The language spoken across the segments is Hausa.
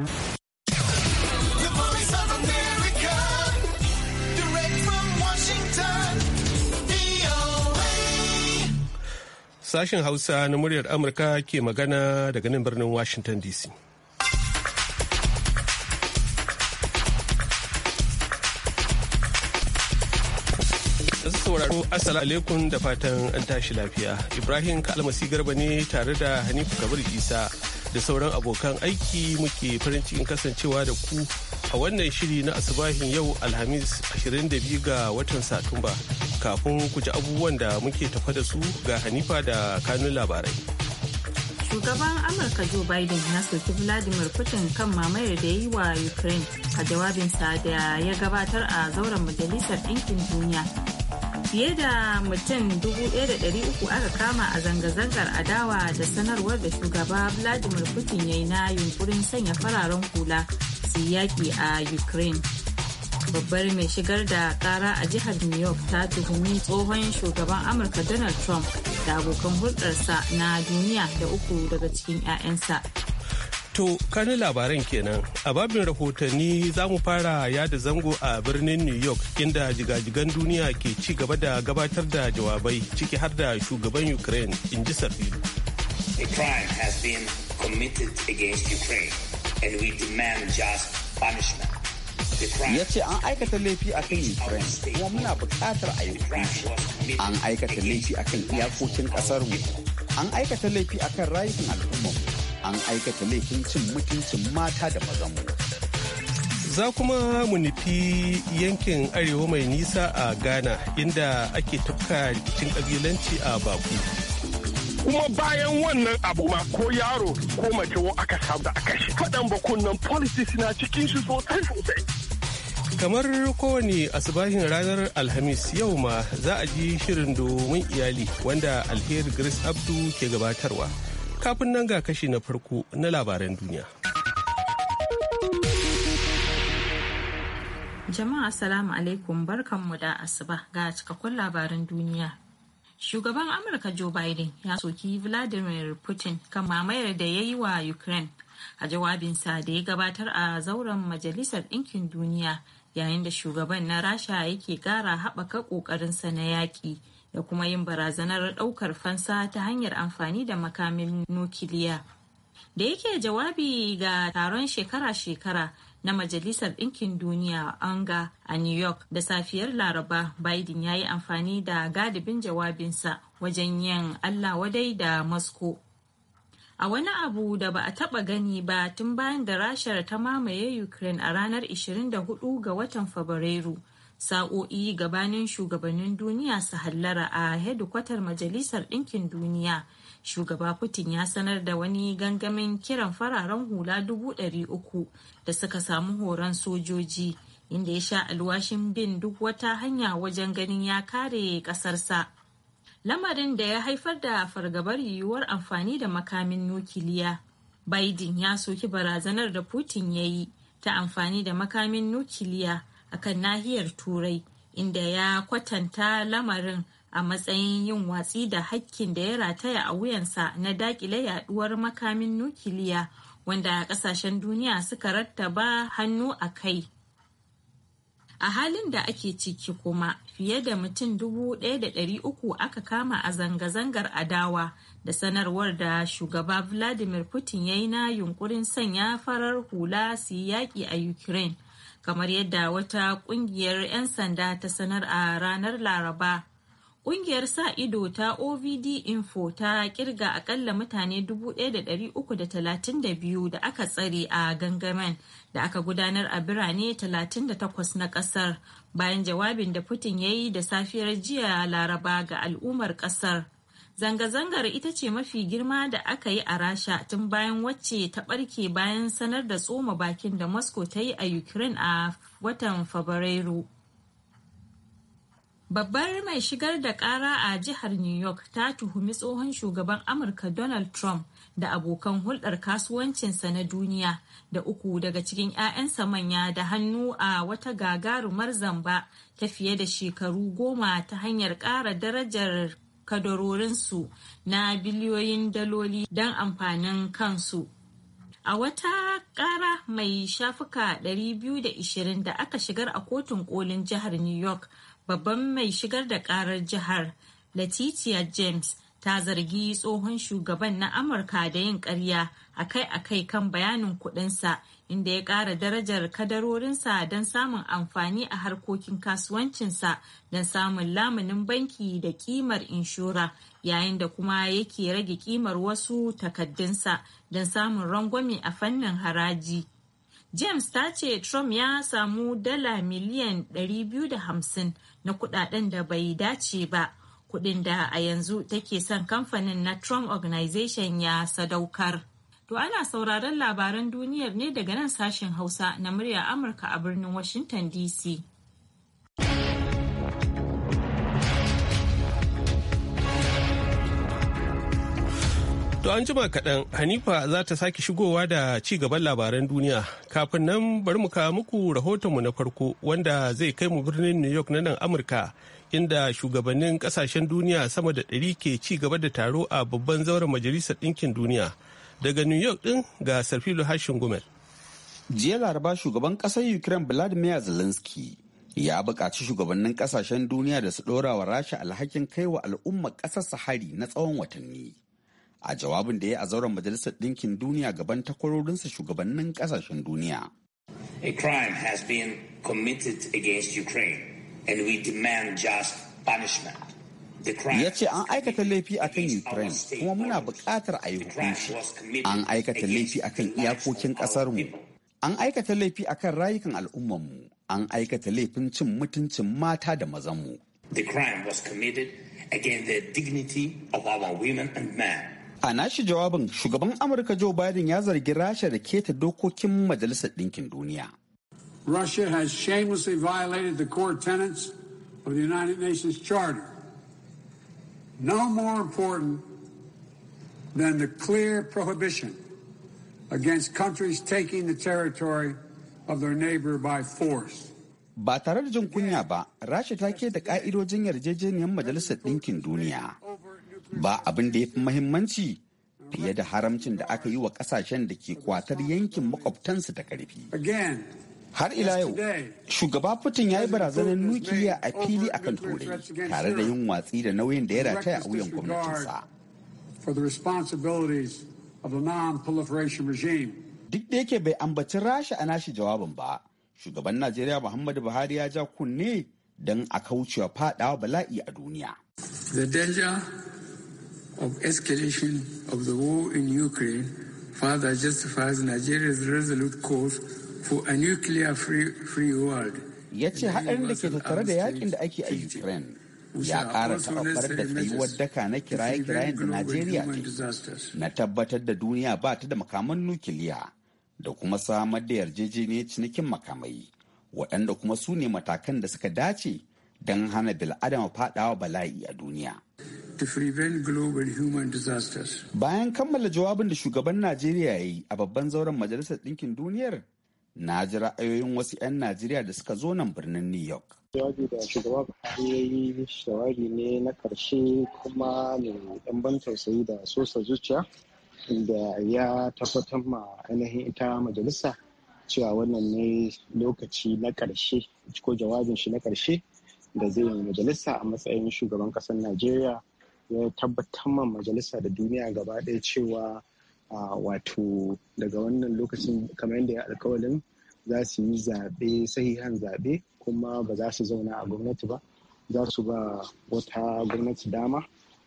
Sashen Hausa na muryar Amurka ke magana daga nan birnin Washington DC. sauraro assalamu alaikum da fatan an tashi lafiya ibrahim kalmasi garba ne tare da hanifu kabir isa da sauran abokan aiki muke farin cikin kasancewa da ku a wannan shiri na asubahin yau alhamis 22 ga watan satumba kafin ku ji abubuwan da muke tafa da su ga hanifa da kanun labarai shugaban amurka joe biden ya soki vladimir putin kan mamayar da ya yi wa ukraine a jawabinsa da ya gabatar a zauren majalisar ɗinkin duniya fiye da mutum 1,300 aka kama a zanga-zangar adawa da sanarwar da shugaba vladimir putin ya yi na yunkurin sanya fararen hula su yaƙi a ukraine babbar mai shigar da kara a jihar new york ta tuhumi tsohon shugaban amurka donald trump da abokan hulɗarsa na duniya da uku daga cikin 'ya'yansa To, kanin labaran kenan. A babin rahotanni za mu fara yada zango a birnin New York inda jigajigan duniya ke ci gaba da gabatar da jawabai ciki har da shugaban Ukraine in ji punishment. ya ce an aikata laifi a kan ukraine kuma muna buƙatar a an aikata laifi a kan iyakokin ƙasarmu an aikata laifi a kan rayukan al'ummarmu an aikata laifin cin mutuncin mata da mazanmu. Za kuma mu nufi yankin arewa mai nisa a Ghana inda ake tafka rikicin kabilanci a Baku. kuma bayan wannan abu ma ko yaro ko mace wo aka samu da aka shi faɗan ba kunnan policies na cikin shi sosai sosai kamar kowane asibahin ranar alhamis yau ma za a ji shirin domin iyali wanda alheri grace abdu ke gabatarwa Kafin nan ga kashi na farko na labaran duniya. Jama'a salamu alaikum barkanmu da asuba ga cikakkun labaran duniya shugaban amurka joe biden ya soki vladimir putin kan mamayar da ya yi wa ukraine a jawabinsa da ya gabatar a zauren majalisar ɗinkin duniya yayin da shugaban na rasha yake ƙara haɓaka ƙoƙarinsa na yaƙi da kuma yin barazanar ɗaukar fansa ta hanyar amfani da makamin nukiliya. Da yake jawabi ga taron shekara-shekara na Majalisar Dinkin Duniya Anga a New York da safiyar Laraba, Biden ya yi amfani da gadibin jawabinsa wajen yin Allah wadai da Moscow. a wani abu da ba a taba gani ba tun bayan da rashar ta mamaye ukraine a ranar 24 ga watan fabrairu sa'o'i gabanin shugabannin duniya su hallara a hedikwatar majalisar ɗinkin duniya shugaba putin ya sanar da wani gangamin kiran fararen hula dubu ɗari uku da suka samu horon sojoji inda ya sha alwashin bin duk wata hanya wajen ganin ya kare ƙasarsa lamarin da ya haifar da fargabar yiwuwar amfani da makamin nukiliya biden ya soki barazanar da putin ya yi ta amfani da makamin nukiliya akan nahiyar turai inda ya kwatanta lamarin a matsayin yin watsi da hakkin da ya rataya a wuyansa na dakile yaduwar makamin nukiliya wanda kasashen duniya suka rattaba hannu a kai a halin da ake ciki kuma fiye da mutum 1,300 aka kama a zanga-zangar adawa da sanarwar da shugaba vladimir putin ya yi na yunkurin sanya farar hula su yi yaƙi a ukraine kamar yadda wata kungiyar 'yan sanda ta sanar a ranar laraba kungiyar sa ido ta ovd info ta kirga akalla mutane 1332 da aka tsare a gangamen da aka gudanar a birane 38 na kasar bayan jawabin da putin ya yi da safiyar jiya laraba ga al'ummar kasar Zanga-zangar ita ce mafi girma da aka yi a Rasha tun bayan wacce ta ɓarke bayan sanar da tsoma bakin da Moscow ta yi a Ukraine a watan Fabrairu. Babbar mai shigar da ƙara a jihar New York ta tuhumi tsohon shugaban Amurka Donald Trump da abokan hulɗar kasuwancinsa na duniya da uku daga cikin 'ya'yansa manya da hannu a wata gagarumar zamba ta fiye da shekaru goma ta hanyar ƙara darajar kadarorinsu na biliyoyin daloli don amfanin kansu. A wata ƙara mai shafuka 220 da aka shigar a kotun kolin jihar New York, babban mai shigar da ƙarar jihar, Letitia James, ta zargi tsohon shugaban na Amurka da yin ƙarya akai-akai kan bayanin kuɗinsa inda ya ƙara darajar kadarorinsa don samun amfani a harkokin kasuwancinsa don samun lamunin banki da kimar inshora yayin da kuma yake rage kimar wasu takaddunsa don samun rangwame a fannin haraji. James ta ce Trump ya samu dala miliyan 250 na kudaden da bai dace ba, kudin da a yanzu take son kamfanin na Trump Organization ya sadaukar. To ana sauraron labaran duniyar ne daga nan sashen Hausa na murya Amurka a birnin Washington DC. To an jima kaɗan Hanifa za ta sake shigowa da ci gaban labaran duniya. Kafin nan bari mu kawo muku rahotonmu na farko wanda zai kai mu birnin New York na nan Amurka. inda shugabannin ƙasashen duniya sama da ɗari ke ci gaba da taro a babban zauren majalisar ɗinkin duniya daga new york din ga sarfilo hashin gomel jiya laraba shugaban kasar ukraine vladimir zelensky ya buƙaci shugabannin kasashen duniya da su ɗora wa rasha alhakin kai wa al'ummar ƙasar sahari na tsawon watanni a jawabin da ya a zauren majalisar ɗinkin duniya gaban takwarorinsa shugabannin ƙasashen duniya a crime has been committed against ukraine and we demand just punishment ya ce an aikata laifi a kan ukraine kuma muna buƙatar a yi hukunci an aikata laifi a kan iyakokin ƙasarmu an aikata laifi a kan rayukan al'ummanmu an aikata laifin cin mutuncin mata da mazanmu a nashi jawabin shugaban amurka joe biden ya zargi rasha da keta dokokin majalisar ɗinkin duniya Russia has shamelessly violated the core tenets of the United Nations Charter no more important than the clear prohibition against countries taking the territory of their neighbor by force. Ba tare da jin kunya ba, Rasha ta ke da ƙa'idojin yarjejeniyar Majalisar Ɗinkin Duniya. Ba abin da ya fi mahimmanci fiye da haramcin da aka yi wa ƙasashen da ke kwatar yankin makwabtansu da ƙarfi. Again, har ila yau shugaba putin ya yi barazanar nukiliya a fili a akan turai tare da yin watsi da nauyin da ya rataya a wuyan gwamnatinsa duk da yake bai ambaci rasha a nashi jawabin ba shugaban najeriya muhammadu buhari ya ja kunne don a kaucewa fadawa bala'i a duniya the danger of escalation of the war in ukraine further justifies nigeria's resolute course Ya ce haɗarin da ke tattare da yakin da ake a Ukraine ya ƙara ta'abbar da tsayuwar daka na kiraye-kirayen da Najeriya ke na tabbatar da duniya ba ta da makaman nukiliya da kuma samar da yarjejeniyar cinikin makamai waɗanda kuma su ne matakan da suka dace don hana bil'adama faɗawa bala'i a duniya. Bayan kammala jawabin da shugaban Najeriya ya yi a babban zauren Majalisar Ɗinkin Duniyar, na ji ra'ayoyin wasu 'yan najeriya da suka zo nan birnin new york jawabi da shugaba buhari ya yi jawabi ne na karshe kuma mai ɗan ban tausayi da sosa zuciya da ya tabbatar ma ainihin ita majalisa cewa wannan ne lokaci na ƙarshe ko jawabin shi na ƙarshe da zai yi majalisa a matsayin shugaban ƙasar najeriya ya tabbatar ma majalisa da duniya gaba ɗaya cewa wato daga wannan lokacin kamar yadda ya alkawalin za su yi zaɓe sahihan zaɓe kuma ba za su zauna a gwamnati ba za su ba wata gwamnati dama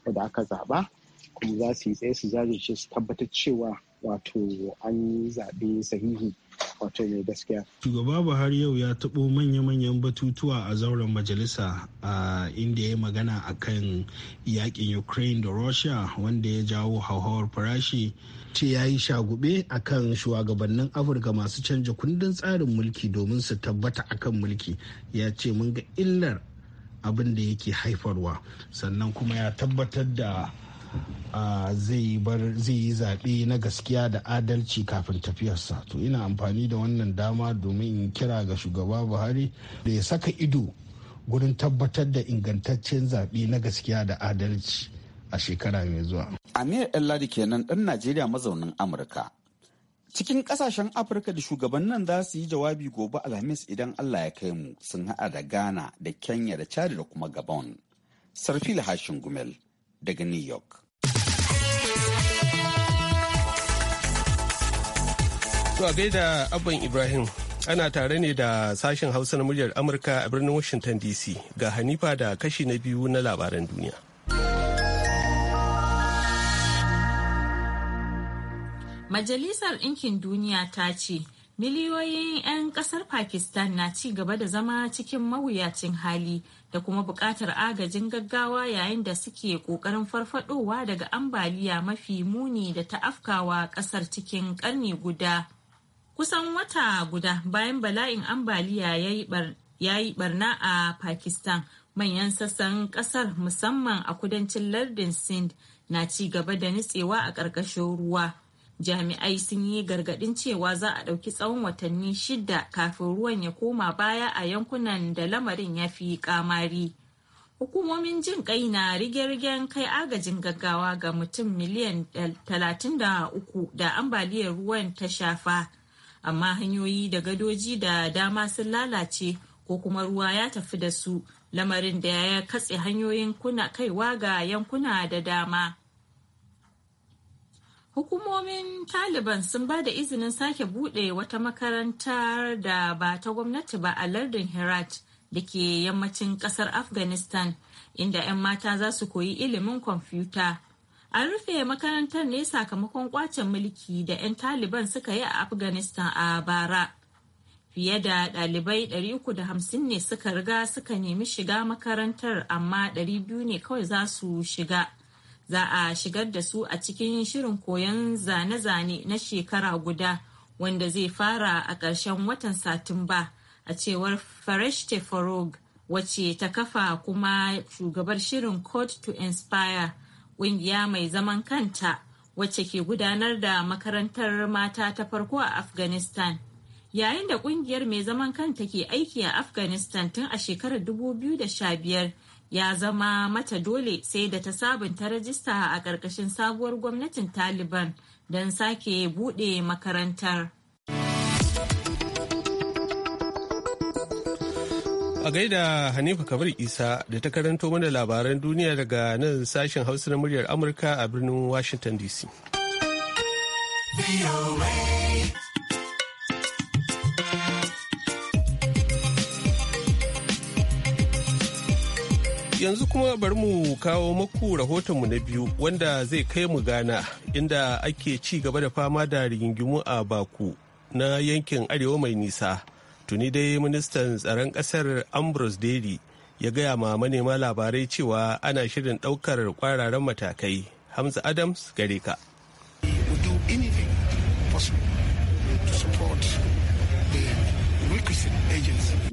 wadda aka zaɓa kuma za su yi tsaye su jajirce su tabbatar cewa wato an yi zaɓe sahihi wato mai gaskiya. Shugaba Buhari yau ya taɓo manya-manyan batutuwa a zauren majalisa a inda ya magana a kan yakin Ukraine da Russia wanda ya jawo hauhawar farashi ce ya yi shagube a kan shugabannin Afirka masu canja kundin tsarin mulki domin su tabbata a kan mulki ya ce mun ga illar abin da yake haifarwa sannan kuma ya tabbatar da zai yi zaɓe na gaskiya da adalci kafin tafiyarsa to ina amfani da wannan dama domin in kira ga shugaba buhari da ya saka ido gurin tabbatar da ingantaccen zaɓe na gaskiya da adalci a shekara mai zuwa. Amir Ladi kenan ɗan Najeriya mazaunin Amurka. Cikin ƙasashen Afirka da shugabannin za su yi jawabi gobe Alhamis idan Allah ya kai mu sun haɗa da Ghana da Kenya da Chad da kuma Gabon. Sarfil Hashin Gumel daga New York. To a gaida Abban Ibrahim ana tare ne da sashen Hausa na muryar Amurka a birnin Washington DC ga Hanifa da kashi na biyu na labaran duniya. Majalisar Ɗinkin Duniya ta ce miliyoyin 'yan kasar pakistan na ci gaba da zama cikin mawuyacin hali da kuma buƙatar agajin gaggawa yayin da suke ƙoƙarin farfadowa daga ambaliya mafi muni da ta afkawa ƙasar cikin ƙarni guda kusan wata guda bayan bala'in ambaliya ya yi barna a pakistan manyan sassan kasar musamman a kudancin lardin sind na ci gaba da nutsewa a ƙarƙashin ruwa jami'ai sun yi gargaɗin cewa za a ɗauki tsawon watanni shida kafin ruwan ya koma baya a yankunan da lamarin ya fi kamari hukumomin jin kai na rige-rigen kai agajin gaggawa ga mutum miliyan 33 da ambaliyar ruwan ta shafa amma hanyoyi da gadoji da dama sun lalace ko kuma ruwa ya tafi da su lamarin da ya katse hanyoyin kuna kaiwa ga yankuna da dama hukumomin taliban sun ba da izinin sake bude wata makarantar da ba ta gwamnati ba a lardin herat da ke yammacin kasar afghanistan inda 'yan mata za su koyi ilimin kwamfuta An rufe makarantar ne sakamakon kwacin mulki da 'yan Taliban suka yi a Afghanistan a bara. Fiye da ɗalibai 350 ne suka riga suka nemi shiga makarantar amma 200 ne kawai za su shiga. Za a shigar da su a cikin shirin koyon zane-zane na shekara guda wanda zai fara a ƙarshen watan Satumba a cewar Fareshte Farog wacce ta kafa kuma shugabar shirin Code to Inspire. ƙungiya mai zaman kanta wacce ke gudanar da makarantar mata ta farko a afghanistan yayin da ƙungiyar mai zaman kanta ke aiki a afghanistan tun a shekarar 2015 ya zama mata dole sai da ta sabunta rajista a ƙarƙashin sabuwar gwamnatin taliban don sake buɗe makarantar. A gaida Hanifa Kabir Isa da ta karanto mana labaran duniya daga nan sashen Hausa na muryar Amurka a birnin Washington DC. yanzu kuma bari mu kawo maku rahotonmu na biyu wanda zai kai mu gana inda ake ci gaba da fama da rigingimu a Baku na yankin Arewa mai nisa tuni dai ministan tsaron kasar ambrose daly ya gaya ma manema labarai cewa ana shirin daukar kwararan matakai hamza adams gare ka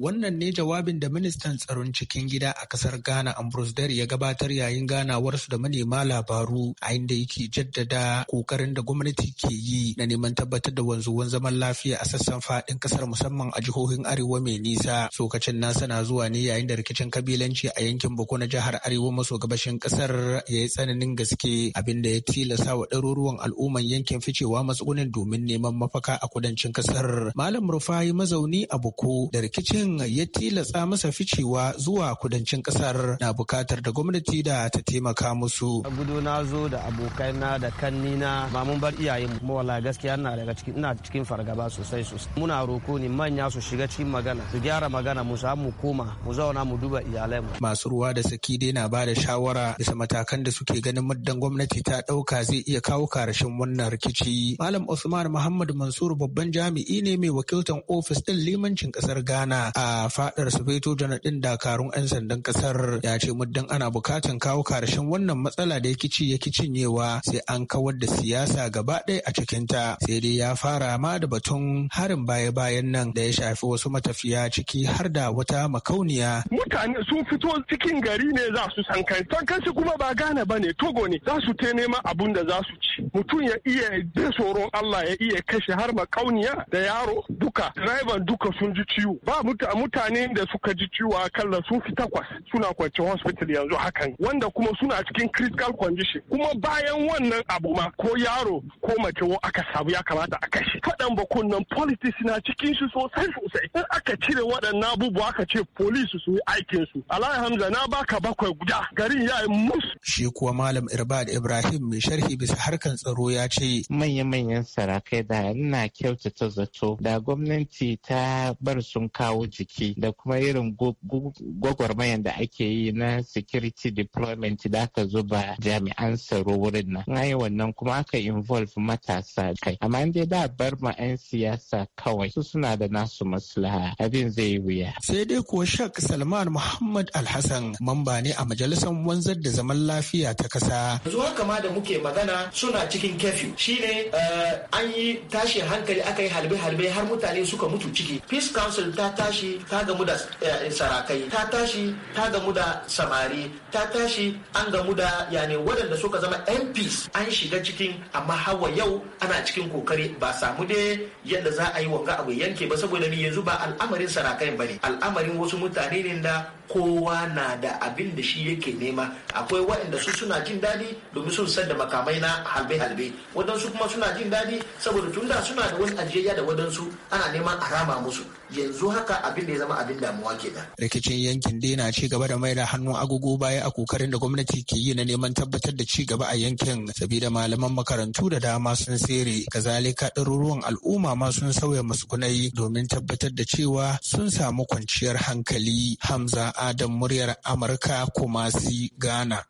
Wannan ne jawabin da ministan tsaron cikin gida a kasar Ghana Ambrose Dare ya gabatar yayin ganawarsu da manema labaru a inda yake jaddada kokarin da gwamnati ke yi na neman tabbatar da wanzuwan zaman lafiya a sassan fadin kasar musamman a jihohin arewa mai nisa. Sokacin nasa na zuwa ne yayin da rikicin kabilanci a yankin Boko na jihar Arewa maso gabashin kasar ya yi tsananin gaske abinda ya tilasa wa ɗaruruwan al'umman yankin ficewa matsugunin domin neman mafaka a kudancin kasar. Malam Rufai mazauni a Boko da rikicin din ya tilasta masa ficewa zuwa kudancin kasar na bukatar da gwamnati da ta taimaka musu. Gudu na zo da abokaina da kannina ba mun bar iyaye mu kuma wallahi gaskiya ina daga cikin ina cikin fargaba sosai sosai. Muna roko ne manya su shiga cikin magana su gyara magana mu samu koma mu zauna mu duba iyalai mu. Masu ruwa da saki dai na bada shawara bisa matakan da suke ganin muddan gwamnati ta ɗauka zai iya kawo karshen wannan rikici. Malam Usman Muhammad Mansur babban jami'i ne mai wakiltan ofis din limancin kasar Ghana a fadar sufeto janar din dakarun 'yan sandan kasar ya ce muddin ana bukatan kawo karshen wannan matsala da ya kici yake cinyewa sai an kawar da siyasa gaba ɗaya a cikin ta sai dai ya fara ma da batun harin baya-bayan nan da ya shafi wasu matafiya ciki har da wata makauniya. Mutane sun fito cikin gari ne za su san kai. San kansu kuma ba gane ba ne Togo ne za su te neman abun da za su ci. Mutum ya iya da tsoron Allah ya iya kashe har makauniya da yaro duka. Driver duka sun ji ciwo. Ba mutane mutane da suka ji ciwo a kalla sun fi takwas suna kwanci hospital yanzu hakan wanda kuma suna cikin critical condition kuma bayan wannan abu ma ko yaro ko mace aka samu ya kamata a kashe faɗan ba nan politics na cikin shi sosai sosai in aka cire waɗannan abubuwa aka ce police su yi aikin su alhaji hamza na baka bakwai guda garin ya yi mus shi kuwa malam irbad ibrahim mai sharhi bisa harkan tsaro ya ce manya-manyan sarakai da ina kyautata zato da gwamnati ta bar sun kawo bincike da kuma irin gwagwarmayan da ake yi na security deployment da aka zuba jami'an tsaro wurin nan. Na yi wannan kuma aka involve matasa kai. Amma dai da bar ma 'yan siyasa kawai su suna da nasu maslaha abin zai wuya. Sai dai kuwa Shak Salman Muhammad Alhassan mamba ne a majalisar wanzar da zaman lafiya ta kasa. Yanzu haka da muke magana suna cikin kefi shine eh, an yi tashin hankali aka yi halbe-halbe har mutane suka mutu ciki. Peace Council ta tashi tashi ta gamu da eh, sarakai ta tashi ta gamu da samari ta tashi an gamu da yane waɗanda suka zama mps an shiga cikin amma hawa yau ana cikin kokari ba samu dai yadda za a yi wanga abu yanke ba saboda ni yanzu ba al'amarin sarakai ba ne al'amarin wasu mutane ne da kowa na da abin da shi yake nema akwai waɗanda su suna jin daɗi domin sun san da makamai na halbe-halbe waɗansu kuma suna jin daɗi saboda tun da suna da wani ajiyayya da waɗansu ana neman a rama musu yanzu haka abin da ya zama abin damuwa ke da. rikicin yankin dai na ci gaba da mai da hannun agogo baya a kokarin da gwamnati ke yi na neman tabbatar da ci gaba a yankin sabida malaman makarantu da dama sun tsere kazalika ɗaruruwan al'umma ma sun sauya muskunai domin tabbatar da cewa sun samu kwanciyar hankali hamza al'adar muryar Amurka kuma si Ghana.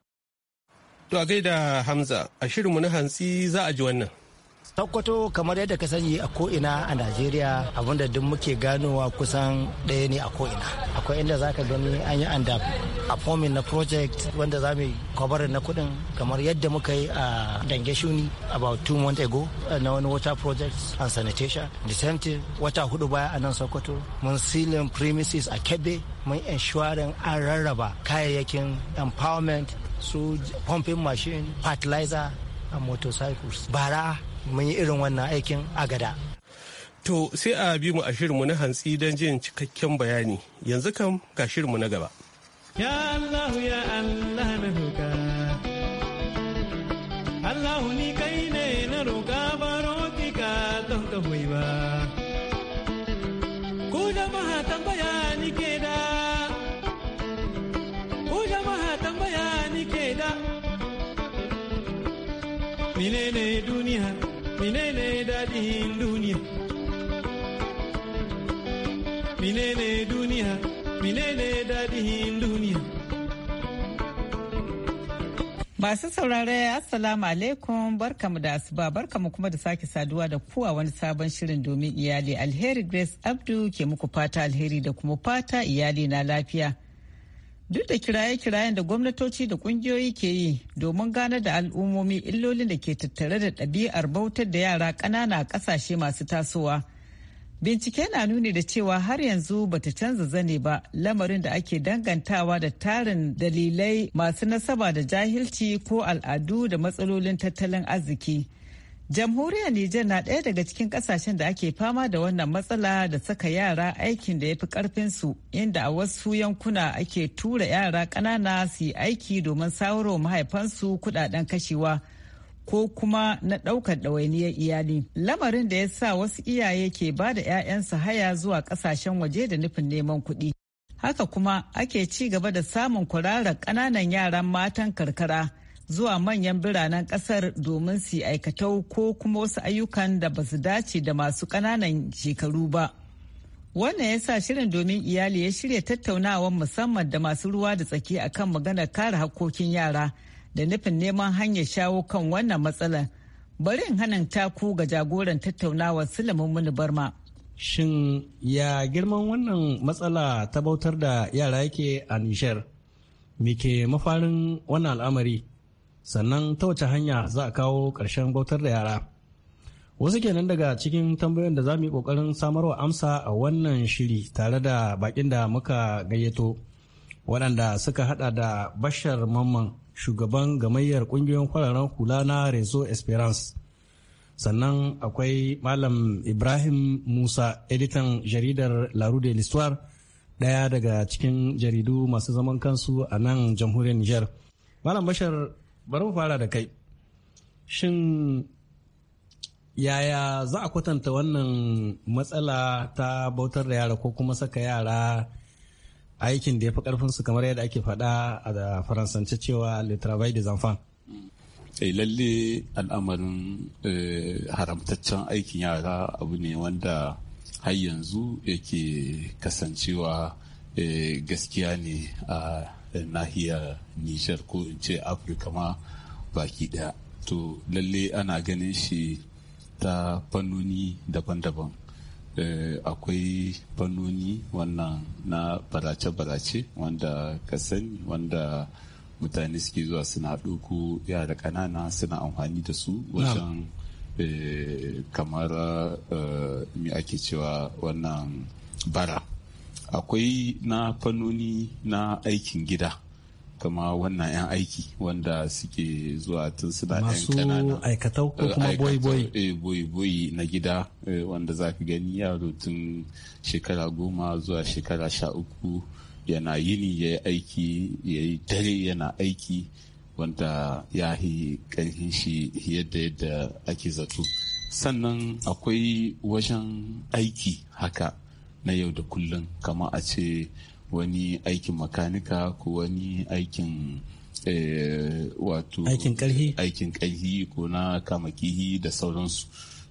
To a gaida Hamza, a shirinmu na hantsi za a ji wannan. Sokoto kamar yadda ka sani a ko'ina a Najeriya abinda duk muke ganowa kusan ɗaya ne a ko'ina. Akwai inda za ka gani an yi anda a fomin na project wanda za mu yi na kudin kamar yadda muka yi a Dange Shuni about two months ago eh, na wani water project and sanitation. The same thing wata hudu baya a nan Sokoto mun silin premises a Kebbe mun inshuwarin an rarraba kayayyakin empowerment su pumping machine fertilizer a motorcycles bara mun yi irin wannan aikin agada to sai a bi mu a shirinmu na hantsi don jin cikakken bayani yanzu kam ga shirinmu na gaba ya allah ya allah na roka allahu ni kai daɗin duniya menene duniya Masu saurare Assalamu alaikum barkamu da asuba barkamu kuma da sake saduwa da kuwa wani sabon shirin domin iyali alheri Grace Abdu ke muku fata alheri da kuma fata iyali na lafiya. Duk da kiraye-kirayen da gwamnatoci da kungiyoyi ke yi domin gane da al'ummomi illolin da ke tattare da ɗabi'ar bautar da yara ƙanana a ƙasashe masu tasowa. Bincike na nuni da cewa har yanzu bata canza zane ba lamarin da ake dangantawa da tarin dalilai masu nasaba da jahilci ko al'adu da matsalolin tattalin arziki. Jamhuriyar Nijar na ɗaya daga cikin ƙasashen da ake fama da wannan matsala da saka yara aikin da ya fi ƙarfinsu inda a wasu yankuna ake tura yara ƙanana su yi aiki domin sauro mahaifansu kuɗaɗen kashewa ko kuma na ɗaukar ɗawainiyar iyali. Lamarin da ya sa wasu iyaye ke ba da 'ya'yansu haya zuwa ƙasashen waje da nufin neman kuɗi. Haka kuma ake ci gaba da samun kwararar ƙananan yaran matan karkara. zuwa manyan biranen kasar domin su aikatau ko kuma wasu ayyukan da ba su dace da masu kananan shekaru ba. Wannan ya sa shirin domin iyali ya shirya tattaunawar musamman da masu ruwa da tsaki akan maganar kare hakkokin yara da nufin neman hanyar shawo kan wannan matsalar. Bari in hanan taku ga jagoran tattaunawar Sulaiman Muni Barma. Shin ya girman wannan matsala ta bautar da yara yake a Nishar? Me ke mafarin wannan al'amari? sannan ta wace hanya za a kawo ƙarshen bautar da yara wasu kenan daga cikin tambayoyin da za mu yi ƙoƙarin samarwa amsa a wannan shiri tare da bakin da muka gayyato waɗanda suka hada da bashar mamman shugaban gamayyar ƙungiyoyin kwararren hula na rezo esperance sannan akwai malam ibrahim musa editan jaridar laru de ɗaya daga cikin jaridu masu zaman kansu a nan jamhuriyar niger malam bashar bari mu fara da kai shin yaya za a kwatanta wannan matsala ta bautar da yara ko kuma saka yara aikin da ya fi karfinsu kamar yadda ake faɗa a da faransance cewa le travail des enfants eh, lalle al'amarin eh, haramtaccen aikin yara abu ne wanda har yanzu yake kasancewa eh, gaskiya ne a Eh, nahiyar Nijar ko in ce Afirka ma baki daya. To lalle ana ganin shi ta fannoni daban-daban. Eh, akwai fannoni wannan na barace-barace wanda ka sani wanda mutane suke zuwa suna ko yara ƙanana suna amfani da su wajen eh, kamar mi ake cewa wannan bara akwai na fannoni na aikin gida kama wannan 'yan aiki wanda suke zuwa tun suna 'yan masu aikatau ko eh, kuma eh, boyi-boyi na gida eh, wanda za ka gani yaro tun shekara goma zuwa shekara sha uku yana yini ya yi aiki ya yi dare yana aiki wanda ya yi ƙarfin shi yadda yadda ake zato sannan akwai wajen aiki haka na yau da kullum kama a ce wani aikin makanika ko wani aikin eh, wato aikin karhi aikin karhi ko na kamakihi da sauransu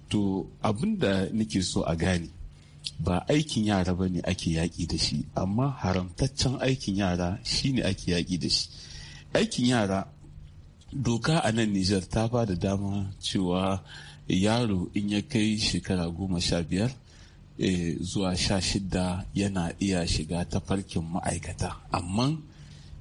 to abin da nake so a gane ba aikin yara ba ne ake yaƙi da shi amma haramtaccen aikin yara shine ake yaƙi da shi aikin yara doka a nan nijar ta ba da dama cewa yaro in ya kai shekara goma sha biyar Eh, zuwa sha shida yana iya shiga tafarkin ma'aikata amma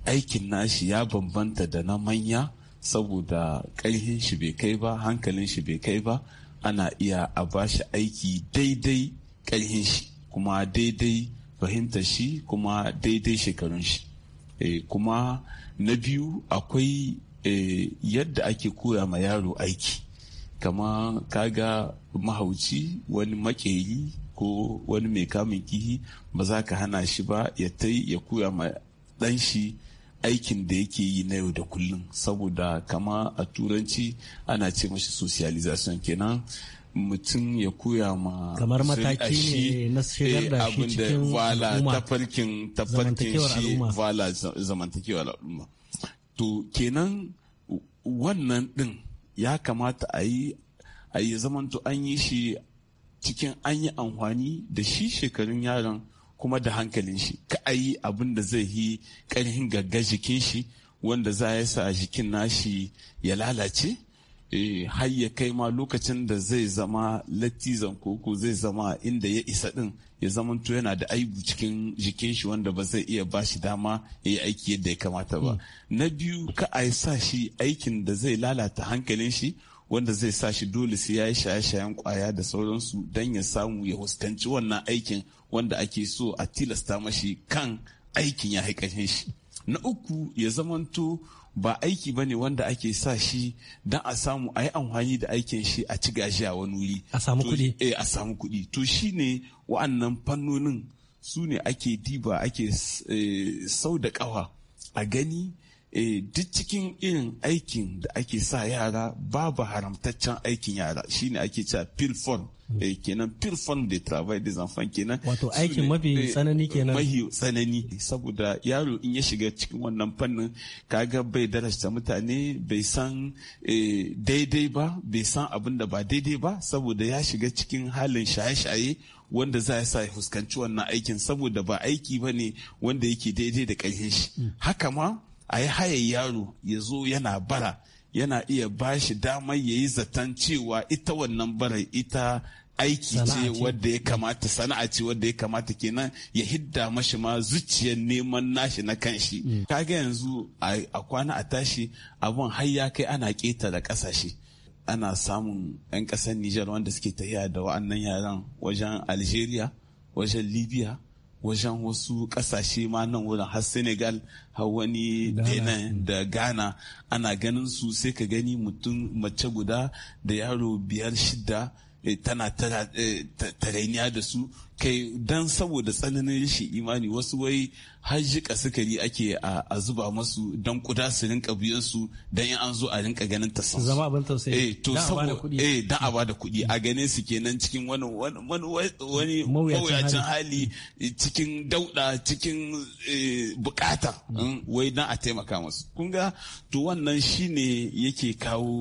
aikin nashi ya bambanta da na manya saboda ƙarfin shi bai kai ba hankalin shi bai kai ba ana iya a bashi aiki daidai ƙarfin shi kuma daidai fahimtar shi kuma daidai shekarun shi e, kuma na biyu akwai e, yadda ake koya ma yaro aiki kama kaga mahauci wani makeri ko wani mai kamun kihi ba za ka hana shi ba ya ta ya koya ma ɗan shi aikin da yake yi na yau da kullum saboda kama a turanci ana ce mashi socialization kenan mutum ya koya ma kamar mataki ne na shigar da eh, shi cikin farkin ta farkin shi vala zamantakewar al'umma to kenan wannan din ya kamata a yi a yi zamanto an yi shi cikin an yi amfani da shi shekarun yaron kuma da hankalin shi ka a yi abin da zai yi karhin gagga jikin shi wanda za ya sa jikin nashi ya lalace eh, har ya kai ma lokacin da zai zama latizan koko zai zama inda ya isa din ya zama to yana da aibu cikin jikin shi wanda ba zai iya ba shi dama ya yi aiki yadda ya kamata ba mm. na biyu ka a sa shi aikin da zai lalata hankalin shi wanda zai sa shi dole sai ya yi shaye-shayen kwaya da sauransu don ya samu ya huskanci wannan aikin wanda ake so a tilasta mashi kan aikin ya haikashin shi na uku ya zamanto ba aiki ba ne wanda ake sa shi don a samu a yi amfani da aikin shi a ci gashi a wani wuri a samu kuɗi eh a samu kuɗi to shi shine wa'annan fannonin su ne ake diba ake eh, sau da ƙawa a gani e, duk cikin irin aikin da ake sa yara babu haramtaccen aikin yara shine ake cewa pilform hmm. e, eh, kenan pilform de travail des enfants kenan wato aikin mafi eh, tsanani kenan mafi tsanani saboda yaro in ya shiga cikin wannan fannin kaga bai darasta mutane bai san daidai ba bai san abin da ba daidai ba saboda ya shiga cikin halin shaye-shaye wanda za a sa ya fuskanci wannan aikin saboda ba aiki ba ne wanda yake daidai da ƙarfin shi hmm. haka ma a yi yaro ya zo yana bara yana iya ba shi damar ya yi zaton cewa ita wannan bara ita aiki ce wadda ya kamata sana'a ce wadda ya kamata kenan ya hidda mashi ma zuciyar neman nashi na kanshi mm. kaga yanzu a kwana a tashi abun har ya kai ana keta da kasashe ana samun 'yan ƙasar Nijar wanda suke tafiya da wa'annan yaran wajen Algeria wajen Libya wajen wasu kasashe ma nan wurin har senegal har wani benin da ghana ana ganin su sai ka gani mutum mace guda da yaro biyar shida eh, tana eh, tarainiya da su kai dan saboda tsananin rashin imani wasu wai har jika yi ake a zuba masu dan kuda su rinka biyan su dan in an zo a rinka ganin ta san zama abin tausayi eh to saboda eh dan a bada kuɗi a ganin su kenan cikin wani wani mawuyacin hali cikin dauda cikin eh, bukata mm. mm, wai dan a taimaka masu kun ga to wannan shine yake kawo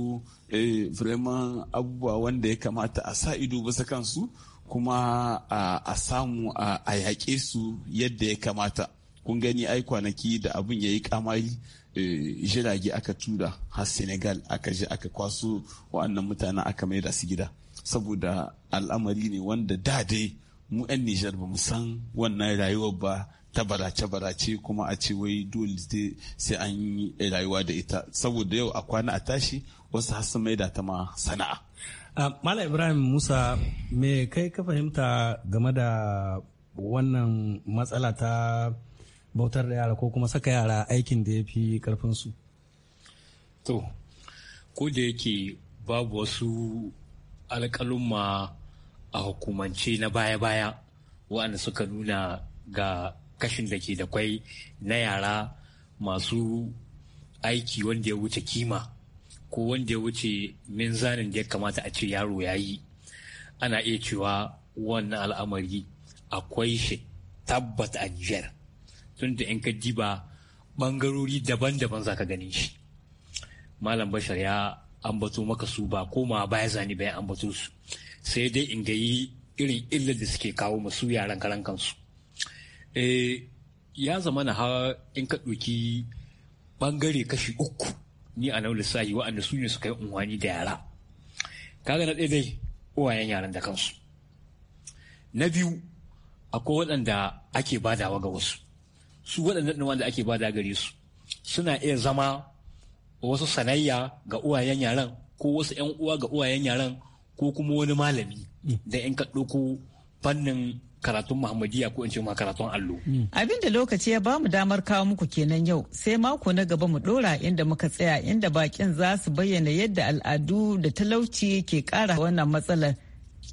eh, vraiment abubuwa wanda ya kamata a sa ido bisa kansu kuma a samu a yaƙe su yadda ya kamata kun gani ai kwanaki da abin ya yi kamari eh, jirage aka tura har senegal aka je aka kwaso wa'annan mutanen aka mai da su gida saboda al'amari ne wanda da dai mu 'yan nijar ba san wannan rayuwar ba ta barace-barace kuma a ce wai dole sai an yi rayuwa da ita saboda yau a kwana a tashi wasu har sun da ta ma sana'a Ah, Mala Ibrahim Musa me kai ka fahimta game da wannan matsala ta bautar da yara ko kuma saka yara aikin da ya fi karfinsu? To, ko da yake babu wasu alƙalumma a hukumance na baya-baya waɗanda suka nuna ga kashin da ke da kwai na yara masu aiki wanda ya wuce kima ko wanda ya wuce minzanin da ya kamata a ce yaro ya yi ana iya cewa wannan al'amari akwai shi tabbat a Nijar tun da in ka diba ɓangarori daban-daban za ka ganin shi malam bashar ya ambato maka su ba koma baya zani bayan ambato su sai dai in ga yi irin illar da suke kawo masu yaran karan kansu eh, ya zama na har in ka ɗauki ɓangare kashi uku ni a launin lissahi wa'anda su ne suka yi unwani da yara kaga na ɗaya dai uwayen yaran da kansu na biyu akwai waɗanda ake badawa ga wasu su waɗanda wanda ake bada gare su suna iya zama wasu sanayya ga uwayen yaran ko wasu 'yan uwa ga uwayen yaran ko kuma wani malami mm. da 'yan ko fannin karatun Muhammadiyya ko in ce ma karatun allo. Hmm. Abin da lokaci ya bamu damar kawo muku kenan yau sai mako na gaba mu dora inda muka tsaya inda bakin za su bayyana yadda al'adu da talauci ke kara wannan matsalar.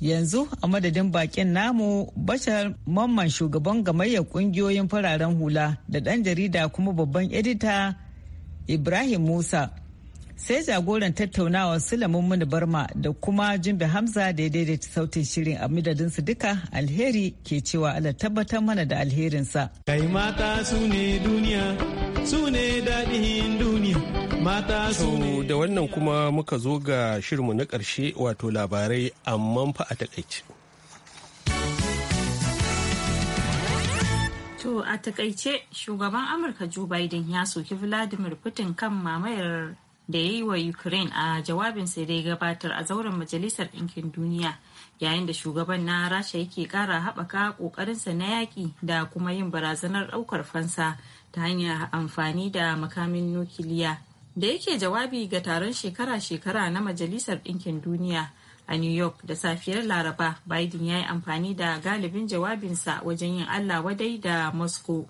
Yanzu a madadin bakin namu bashar mamman shugaban gamayyar kungiyoyin fararen hula da ɗan jarida kuma babban edita Ibrahim Musa. sai jagoran tattaunawa sulamin mini barma da kuma jimbe hamza da ya daidaita sautin shirin a madadinsu duka alheri ke cewa ala tabbatar mana da alherinsa kai mata su ne duniya su ne daɗin duniya mata su ne da wannan kuma muka zo ga shirinmu na ƙarshe wato labarai amma fa a takaice To a takaice shugaban Amurka Joe Biden ya soki Vladimir Putin kan mamayar da ya yi wa ukraine a jawabinsa sai ya gabatar a zauren majalisar ɗinkin duniya yayin da shugaban na rasha yake kara haɓaka ƙoƙarinsa na yaƙi da kuma yin barazanar ɗaukar fansa ta hanyar amfani da makamin nukiliya da yake jawabi ga taron shekara-shekara na majalisar ɗinkin duniya a new york da safiyar laraba biden ya yi amfani da galibin jawabinsa wajen yin allah wadai da moscow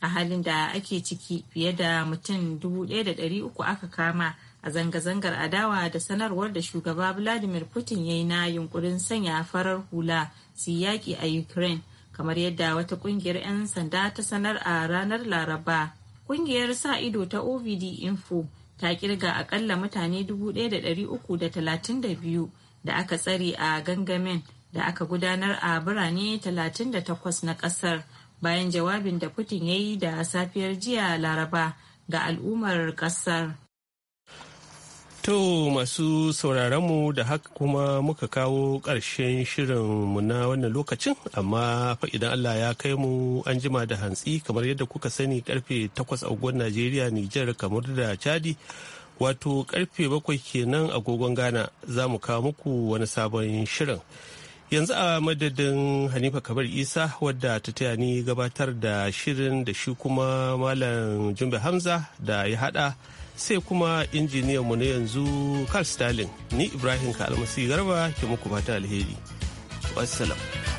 a halin da ake ciki fiye da mutum 1,300 aka kama a zanga-zangar adawa da sanarwar da shugaba vladimir putin ya yi na yunkurin sanya farar hula su yaƙi a ukraine kamar yadda wata ƙungiyar 'yan sanda ta sanar a ranar laraba ƙungiyar sa ido ta ovd info ta kirga akalla mutane 1,332 da aka tsare a gangamin da aka gudanar a birane 38 na ƙasar. bayan jawabin da Putin ya yi da safiyar jiya Laraba ga al'ummar ƙasar. To masu sauraronmu da haka kuma muka kawo ƙarshen shirinmu na wannan lokacin amma fa idan Allah ya kai mu an jima da hantsi kamar yadda kuka sani karfe 8 agogon Najeriya Nijar kamar da Chadi wato karfe 7 kenan agogon Ghana za mu kawo muku wani sabon shirin. yanzu a madadin hanifa kabar isa wadda ta taya ni gabatar da shirin da shi kuma malam jumbe hamza da ya hada sai kuma mu na yanzu carl stalin ni ibrahim kalmasi garba ke muku bata alheri wassalam